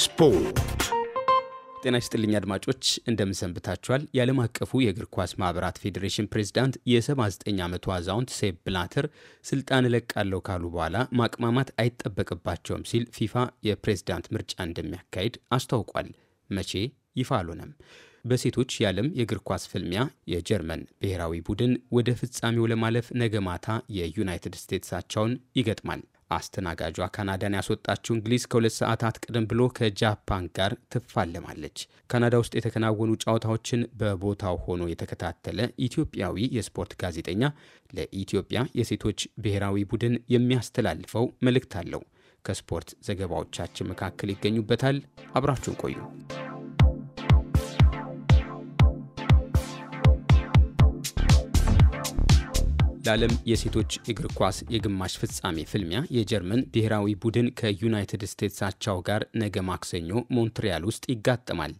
ስፖርት ጤና ይስጥልኝ አድማጮች፣ እንደምንሰንብታችኋል። የዓለም አቀፉ የእግር ኳስ ማኅበራት ፌዴሬሽን ፕሬዝዳንት የ79 ዓመቱ አዛውንት ሴፕ ብላተር ስልጣን እለቃለሁ ካሉ በኋላ ማቅማማት አይጠበቅባቸውም ሲል ፊፋ የፕሬዝዳንት ምርጫ እንደሚያካሂድ አስታውቋል። መቼ ይፋ አልሆነም። በሴቶች የዓለም የእግር ኳስ ፍልሚያ የጀርመን ብሔራዊ ቡድን ወደ ፍጻሜው ለማለፍ ነገ ማታ የዩናይትድ ስቴትስ አቻውን ይገጥማል። አስተናጋጇ ካናዳን ያስወጣችው እንግሊዝ ከሁለት ሰዓታት ቀደም ብሎ ከጃፓን ጋር ትፋለማለች። ካናዳ ውስጥ የተከናወኑ ጨዋታዎችን በቦታው ሆኖ የተከታተለ ኢትዮጵያዊ የስፖርት ጋዜጠኛ ለኢትዮጵያ የሴቶች ብሔራዊ ቡድን የሚያስተላልፈው መልእክት አለው። ከስፖርት ዘገባዎቻችን መካከል ይገኙበታል። አብራችሁን ቆዩ። ለዓለም የሴቶች እግር ኳስ የግማሽ ፍጻሜ ፍልሚያ የጀርመን ብሔራዊ ቡድን ከዩናይትድ ስቴትስ አቻው ጋር ነገ ማክሰኞ ሞንትሪያል ውስጥ ይጋጠማል።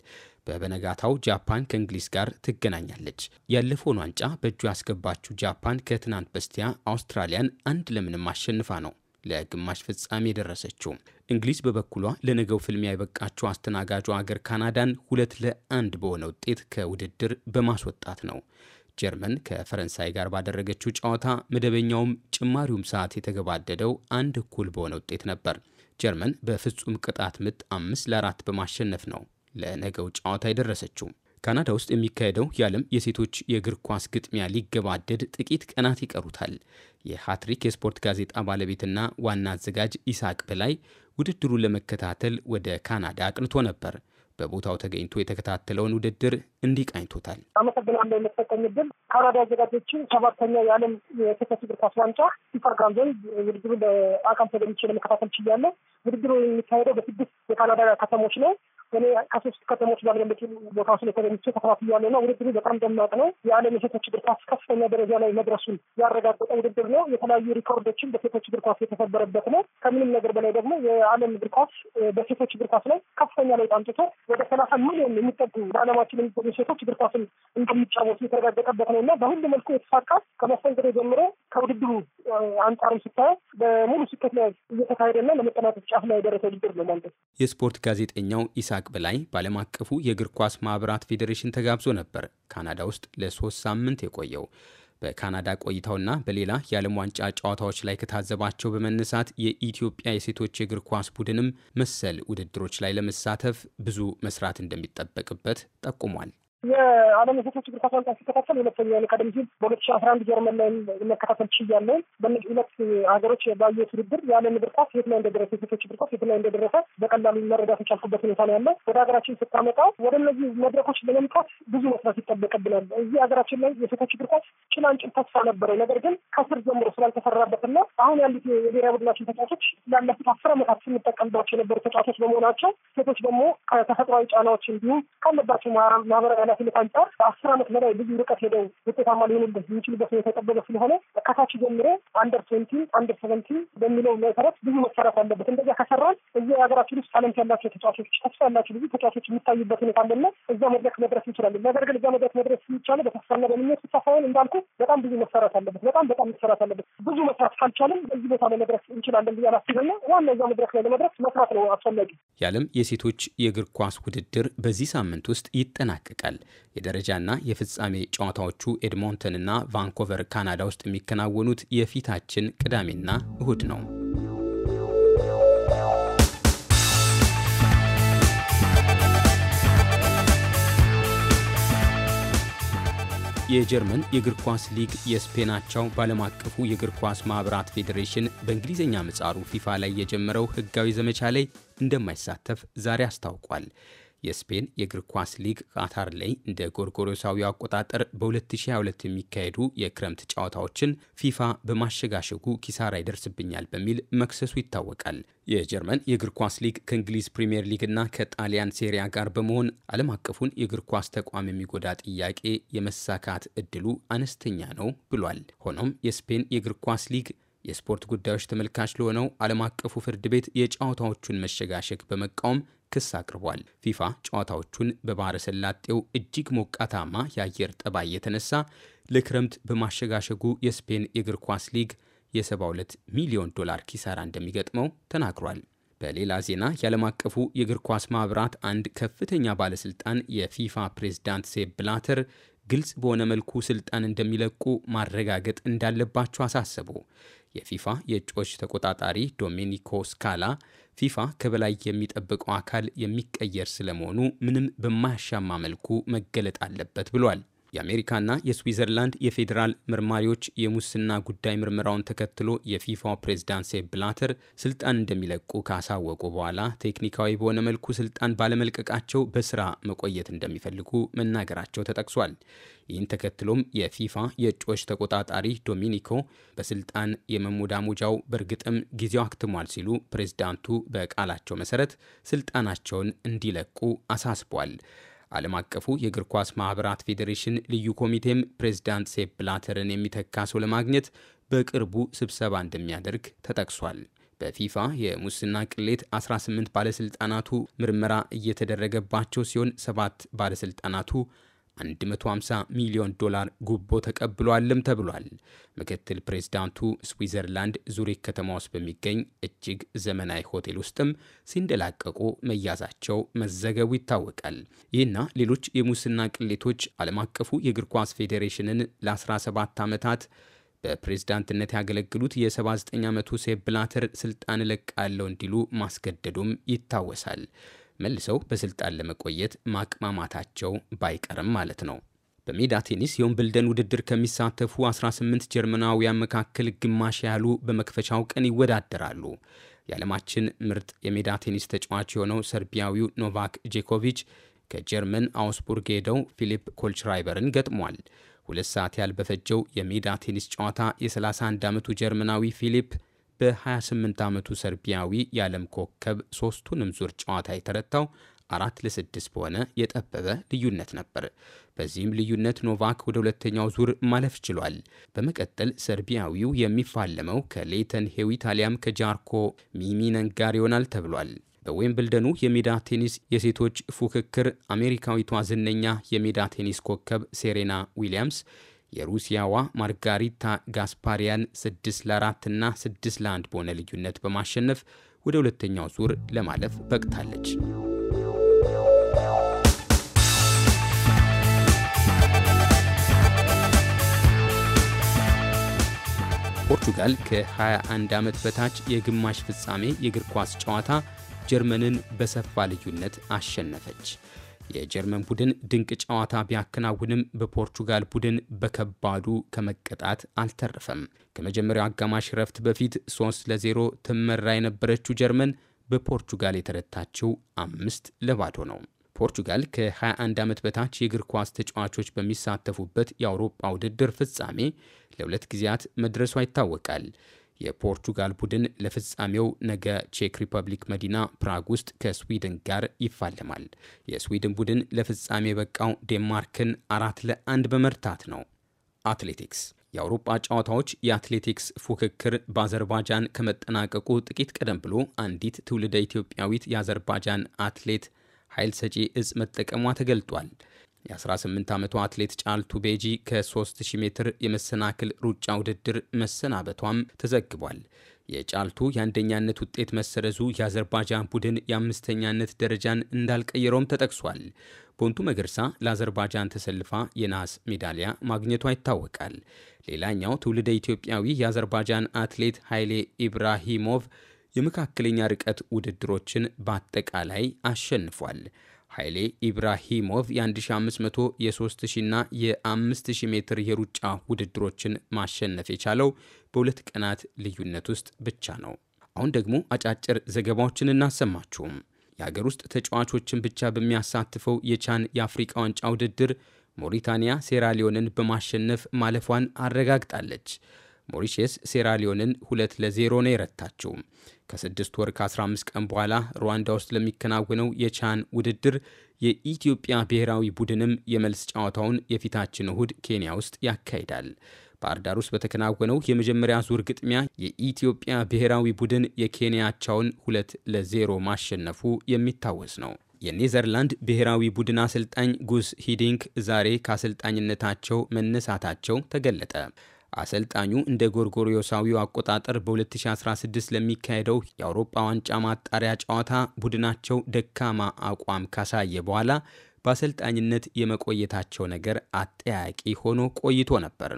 በበነጋታው ጃፓን ከእንግሊዝ ጋር ትገናኛለች። ያለፈውን ዋንጫ በእጁ ያስገባችው ጃፓን ከትናንት በስቲያ አውስትራሊያን አንድ ለምንም አሸንፋ ነው ለግማሽ ፍጻሜ የደረሰችው። እንግሊዝ በበኩሏ ለነገው ፍልሚያ የበቃችው አስተናጋጇ አገር ካናዳን ሁለት ለአንድ በሆነ ውጤት ከውድድር በማስወጣት ነው። ጀርመን ከፈረንሳይ ጋር ባደረገችው ጨዋታ መደበኛውም ጭማሪውም ሰዓት የተገባደደው አንድ እኩል በሆነ ውጤት ነበር። ጀርመን በፍጹም ቅጣት ምት አምስት ለአራት በማሸነፍ ነው ለነገው ጨዋታ የደረሰችው። ካናዳ ውስጥ የሚካሄደው የዓለም የሴቶች የእግር ኳስ ግጥሚያ ሊገባደድ ጥቂት ቀናት ይቀሩታል። የሀትሪክ የስፖርት ጋዜጣ ባለቤትና ዋና አዘጋጅ ኢሳቅ በላይ ውድድሩን ለመከታተል ወደ ካናዳ አቅንቶ ነበር። በቦታው ተገኝቶ የተከታተለውን ውድድር እንዲህ ቃኝቶታል። አመሰግናለሁ የምትሰጠኝ ድል ካናዳ አዘጋጆችን ሰባተኛ የዓለም የሴቶች እግር ኳስ ዋንጫ ሱፐር ጋንዘንዝ ውድድሩ በአካል ተገኝቼ ለመከታተል ችያለሁ። ውድድሩ የሚካሄደው በስድስት የካናዳ ከተሞች ነው። እኔ ከሶስት ከተሞች ባልበለጡ ቦታ ላይ ተገኝቼ ተከታትያለሁ እና ውድድሩ በጣም ደማቅ ነው። የዓለም የሴቶች እግር ኳስ ከፍተኛ ደረጃ ላይ መድረሱን ያረጋገጠ ውድድር ነው። የተለያዩ ሪኮርዶችን በሴቶች እግር ኳስ የተሰበረበት ነው። ከምንም ነገር በላይ ደግሞ የዓለም እግር ኳስ በሴቶች እግር ኳስ ላይ ከፍተኛ ለውጥ አምጥቶ ወደ ሰላሳ ሚሊዮን የሚጠጉ በዓለማችን የሚገኙ ሴቶች እግር ኳስን እንደሚጫወቱ የተረጋገጠበት ነው እና በሁሉ መልኩ የተሳካ ከመስተንግዶ ጀምሮ ከውድድሩ አንጻርም ስታየው በሙሉ ስኬት ላይ እየተካሄደና ለመጠናቀቅ ጫፍ ላይ የደረሰ ውድድር ነው ማለት ነው። የስፖርት ጋዜጠኛው ኢሳ ከኢሳቅ በላይ በዓለም አቀፉ የእግር ኳስ ማኅበራት ፌዴሬሽን ተጋብዞ ነበር ካናዳ ውስጥ ለሶስት ሳምንት የቆየው። በካናዳ ቆይታውና በሌላ የዓለም ዋንጫ ጨዋታዎች ላይ ከታዘባቸው በመነሳት የኢትዮጵያ የሴቶች የእግር ኳስ ቡድንም መሰል ውድድሮች ላይ ለመሳተፍ ብዙ መስራት እንደሚጠበቅበት ጠቁሟል። የዓለም የሴቶች እግር ኳስ ዋንጫ ሲከታተል ሁለተኛውን ቀደም ሲል በሁለት ሺ አስራ አንድ ጀርመን ላይ መከታተል ችያለሁ። በእነዚህ ሁለት ሀገሮች ባየሁት ውድድር የዓለም እግር ኳስ የት ላይ እንደደረሰ የሴቶች እግር ኳስ የት ላይ እንደደረሰ በቀላሉ መረዳት የቻልኩበት ሁኔታ ነው ያለው። ወደ ሀገራችን ስታመጣው ወደ እነዚህ መድረኮች ለመምጣት ብዙ መስራት ይጠበቅብናል። እዚህ ሀገራችን ላይ የሴቶች እግር ኳስ ጭላንጭል ተስፋ ነበረው። ነገር ግን ከስር ጀምሮ ስላልተሰራበትና አሁን ያሉት የብሔራዊ ቡድናችን ተጫዋቾች ላለፉት አስር ዓመታት ስንጠቀምባቸው የነበሩ ተጫዋቾች በመሆናቸው ሴቶች ደግሞ ከተፈጥሯዊ ጫናዎች እንዲሁም ካለባቸው ማህበራዊ ከኃላፊነት አንጻር በአስር አመት በላይ ብዙ ርቀት ሄደው ውጤታማ ሊሆኑበት የሚችሉበት ሁኔታ የጠበበ ስለሆነ ከታች ጀምሮ አንደር ትዌንቲን አንደር ሰቨንቲ በሚለው መሰረት ብዙ መሰራት አለበት። እንደዚያ ከሰራን እዚ ሀገራችን ውስጥ ታለንት ያላቸው ተጫዋቾች፣ ተስፋ ያላቸው ብዙ ተጫዋቾች የሚታዩበት ሁኔታ አለና እዛ መድረክ መድረስ እንችላለን። ነገር ግን እዛ መድረክ መድረስ የሚቻለው በተስፋና በምኞት ብቻ ሳይሆን እንዳልኩ በጣም ብዙ መሰራት አለበት። በጣም በጣም መሰራት አለበት። ብዙ መስራት ካልቻለም እዚህ ቦታ ላይ መድረስ እንችላለን ብዬ አላስብና ዋና እዛ መድረክ ላይ ለመድረስ መስራት ነው አስፈላጊ። የዓለም የሴቶች የእግር ኳስ ውድድር በዚህ ሳምንት ውስጥ ይጠናቀቃል። የደረጃና የፍጻሜ ጨዋታዎቹ ኤድሞንተንና ቫንኮቨር ካናዳ ውስጥ የሚከናወኑት የፊታችን ቅዳሜና እሁድ ነው። የጀርመን የእግር ኳስ ሊግ የስፔናቸው ባለም አቀፉ የእግር ኳስ ማኅበራት ፌዴሬሽን በእንግሊዝኛ ምጻሩ ፊፋ ላይ የጀመረው ሕጋዊ ዘመቻ ላይ እንደማይሳተፍ ዛሬ አስታውቋል። የስፔን የእግር ኳስ ሊግ ቃታር ላይ እንደ ጎርጎሮሳዊ አቆጣጠር በ2022 የሚካሄዱ የክረምት ጨዋታዎችን ፊፋ በማሸጋሸጉ ኪሳራ ይደርስብኛል በሚል መክሰሱ ይታወቃል። የጀርመን የእግር ኳስ ሊግ ከእንግሊዝ ፕሪምየር ሊግና ከጣሊያን ሴሪያ ጋር በመሆን ዓለም አቀፉን የእግር ኳስ ተቋም የሚጎዳ ጥያቄ የመሳካት እድሉ አነስተኛ ነው ብሏል። ሆኖም የስፔን የእግር ኳስ ሊግ የስፖርት ጉዳዮች ተመልካች ለሆነው ዓለም አቀፉ ፍርድ ቤት የጨዋታዎቹን መሸጋሸግ በመቃወም ክስ አቅርቧል። ፊፋ ጨዋታዎቹን በባህረ ሰላጤው እጅግ ሞቃታማ የአየር ጠባይ የተነሳ ለክረምት በማሸጋሸጉ የስፔን የእግር ኳስ ሊግ የ72 ሚሊዮን ዶላር ኪሳራ እንደሚገጥመው ተናግሯል። በሌላ ዜና የዓለም አቀፉ የእግር ኳስ ማኅበራት አንድ ከፍተኛ ባለሥልጣን የፊፋ ፕሬዝዳንት ሴፕ ብላተር ግልጽ በሆነ መልኩ ስልጣን እንደሚለቁ ማረጋገጥ እንዳለባቸው አሳሰቡ። የፊፋ የእጩዎች ተቆጣጣሪ ዶሜኒኮ ስካላ ፊፋ ከበላይ የሚጠብቀው አካል የሚቀየር ስለመሆኑ ምንም በማያሻማ መልኩ መገለጥ አለበት ብሏል። የአሜሪካና የስዊዘርላንድ የፌዴራል ምርማሪዎች የሙስና ጉዳይ ምርመራውን ተከትሎ የፊፋው ፕሬዝዳንት ሴፕ ብላተር ስልጣን እንደሚለቁ ካሳወቁ በኋላ ቴክኒካዊ በሆነ መልኩ ስልጣን ባለመልቀቃቸው በስራ መቆየት እንደሚፈልጉ መናገራቸው ተጠቅሷል። ይህን ተከትሎም የፊፋ የእጩዎች ተቆጣጣሪ ዶሚኒኮ በስልጣን የመሞዳሞጃው በእርግጥም ጊዜው አክትሟል ሲሉ ፕሬዝዳንቱ በቃላቸው መሰረት ስልጣናቸውን እንዲለቁ አሳስቧል። ዓለም አቀፉ የእግር ኳስ ማህበራት ፌዴሬሽን ልዩ ኮሚቴም ፕሬዝዳንት ሴፕ ብላተርን የሚተካ ሰው ለማግኘት በቅርቡ ስብሰባ እንደሚያደርግ ተጠቅሷል። በፊፋ የሙስና ቅሌት 18 ባለስልጣናቱ ምርመራ እየተደረገባቸው ሲሆን ሰባት ባለስልጣናቱ 150 ሚሊዮን ዶላር ጉቦ ተቀብሏልም ተብሏል። ምክትል ፕሬዝዳንቱ ስዊዘርላንድ ዙሪክ ከተማ ውስጥ በሚገኝ እጅግ ዘመናዊ ሆቴል ውስጥም ሲንደላቀቁ መያዛቸው መዘገቡ ይታወቃል። ይህና ሌሎች የሙስና ቅሌቶች ዓለም አቀፉ የእግር ኳስ ፌዴሬሽንን ለ17 ዓመታት በፕሬዝዳንትነት ያገለግሉት የ79 ዓመቱ ሴፕ ብላተር ስልጣን እለቃለሁ እንዲሉ ማስገደዱም ይታወሳል። መልሰው በስልጣን ለመቆየት ማቅማማታቸው ባይቀርም ማለት ነው። በሜዳ ቴኒስ የወምብልደን ውድድር ከሚሳተፉ 18 ጀርመናውያን መካከል ግማሽ ያህሉ በመክፈቻው ቀን ይወዳደራሉ። የዓለማችን ምርጥ የሜዳ ቴኒስ ተጫዋች የሆነው ሰርቢያዊው ኖቫክ ጄኮቪች ከጀርመን አውስቡርግ ሄደው ፊሊፕ ኮልችራይበርን ገጥሟል። ሁለት ሰዓት ያህል በፈጀው የሜዳ ቴኒስ ጨዋታ የ31 ዓመቱ ጀርመናዊ ፊሊፕ በ28 ዓመቱ ሰርቢያዊ የዓለም ኮከብ ሶስቱንም ዙር ጨዋታ የተረታው አራት ለስድስት በሆነ የጠበበ ልዩነት ነበር። በዚህም ልዩነት ኖቫክ ወደ ሁለተኛው ዙር ማለፍ ችሏል። በመቀጠል ሰርቢያዊው የሚፋለመው ከሌተን ሄዊ ታሊያም ከጃርኮ ሚሚነን ጋር ይሆናል ተብሏል። በዌምብልደኑ የሜዳ ቴኒስ የሴቶች ፉክክር አሜሪካዊቷ ዝነኛ የሜዳ ቴኒስ ኮከብ ሴሬና ዊሊያምስ የሩሲያዋ ማርጋሪታ ጋስፓሪያን 6 ለ4 እና 6 ለ1 በሆነ ልዩነት በማሸነፍ ወደ ሁለተኛው ዙር ለማለፍ በቅታለች። ፖርቱጋል ከ21 ዓመት በታች የግማሽ ፍጻሜ የእግር ኳስ ጨዋታ ጀርመንን በሰፋ ልዩነት አሸነፈች። የጀርመን ቡድን ድንቅ ጨዋታ ቢያከናውንም በፖርቹጋል ቡድን በከባዱ ከመቀጣት አልተረፈም። ከመጀመሪያው አጋማሽ ረፍት በፊት 3 ለዜሮ ትመራ የነበረችው ጀርመን በፖርቹጋል የተረታችው አምስት ለባዶ ነው። ፖርቹጋል ከ21 ዓመት በታች የእግር ኳስ ተጫዋቾች በሚሳተፉበት የአውሮፓ ውድድር ፍጻሜ ለሁለት ጊዜያት መድረሷ ይታወቃል። የፖርቱጋል ቡድን ለፍጻሜው ነገ ቼክ ሪፐብሊክ መዲና ፕራግ ውስጥ ከስዊድን ጋር ይፋለማል። የስዊድን ቡድን ለፍጻሜ የበቃው ዴንማርክን አራት ለአንድ በመርታት ነው። አትሌቲክስ የአውሮፓ ጨዋታዎች የአትሌቲክስ ፉክክር በአዘርባጃን ከመጠናቀቁ ጥቂት ቀደም ብሎ አንዲት ትውልደ ኢትዮጵያዊት የአዘርባጃን አትሌት ኃይል ሰጪ እጽ መጠቀሟ ተገልጧል። የ18 ዓመቱ አትሌት ጫልቱ ቤጂ ከ3000 ሜትር የመሰናክል ሩጫ ውድድር መሰናበቷም ተዘግቧል። የጫልቱ የአንደኛነት ውጤት መሰረዙ የአዘርባጃን ቡድን የአምስተኛነት ደረጃን እንዳልቀየረውም ተጠቅሷል። ቦንቱ መገርሳ ለአዘርባጃን ተሰልፋ የነሐስ ሜዳሊያ ማግኘቷ ይታወቃል። ሌላኛው ትውልደ ኢትዮጵያዊ የአዘርባጃን አትሌት ኃይሌ ኢብራሂሞቭ የመካከለኛ ርቀት ውድድሮችን በአጠቃላይ አሸንፏል። ኃይሌ ኢብራሂሞቭ የ1500 የ3000 እና የ5000 ሜትር የሩጫ ውድድሮችን ማሸነፍ የቻለው በሁለት ቀናት ልዩነት ውስጥ ብቻ ነው። አሁን ደግሞ አጫጭር ዘገባዎችን እናሰማችሁም። የአገር ውስጥ ተጫዋቾችን ብቻ በሚያሳትፈው የቻን የአፍሪቃ ዋንጫ ውድድር ሞሪታንያ ሴራሊዮንን በማሸነፍ ማለፏን አረጋግጣለች። ሞሪሼስ ሴራሊዮንን ሁለት ለዜሮ ነው የረታችው። ከስድስት ወር ከ15 ቀን በኋላ ሩዋንዳ ውስጥ ለሚከናወነው የቻን ውድድር የኢትዮጵያ ብሔራዊ ቡድንም የመልስ ጨዋታውን የፊታችን እሁድ ኬንያ ውስጥ ያካሂዳል። ባህር ዳር ውስጥ በተከናወነው የመጀመሪያ ዙር ግጥሚያ የኢትዮጵያ ብሔራዊ ቡድን የኬንያቻውን ሁለት ለዜሮ ማሸነፉ የሚታወስ ነው። የኔዘርላንድ ብሔራዊ ቡድን አሰልጣኝ ጉስ ሂዲንክ ዛሬ ከአሰልጣኝነታቸው መነሳታቸው ተገለጠ። አሰልጣኙ እንደ ጎርጎሪዮሳዊው አቆጣጠር በ2016 ለሚካሄደው የአውሮፓ ዋንጫ ማጣሪያ ጨዋታ ቡድናቸው ደካማ አቋም ካሳየ በኋላ በአሰልጣኝነት የመቆየታቸው ነገር አጠያቂ ሆኖ ቆይቶ ነበር።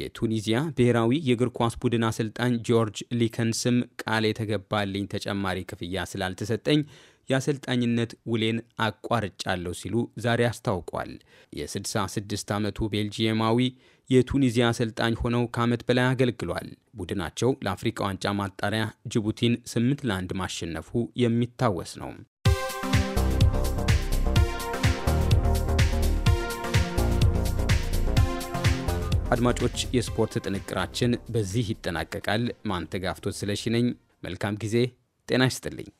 የቱኒዚያ ብሔራዊ የእግር ኳስ ቡድን አሰልጣኝ ጆርጅ ሊከንስም ቃል የተገባልኝ ተጨማሪ ክፍያ ስላልተሰጠኝ የአሰልጣኝነት ውሌን አቋርጫለሁ ሲሉ ዛሬ አስታውቋል። የ66 ዓመቱ ቤልጂየማዊ የቱኒዚያ አሰልጣኝ ሆነው ከዓመት በላይ አገልግሏል። ቡድናቸው ለአፍሪካ ዋንጫ ማጣሪያ ጅቡቲን ስምንት ለአንድ ማሸነፉ የሚታወስ ነው። አድማጮች፣ የስፖርት ጥንቅራችን በዚህ ይጠናቀቃል። ማንተጋፍቶት ስለሺ ነኝ። መልካም ጊዜ። ጤና ይስጥልኝ።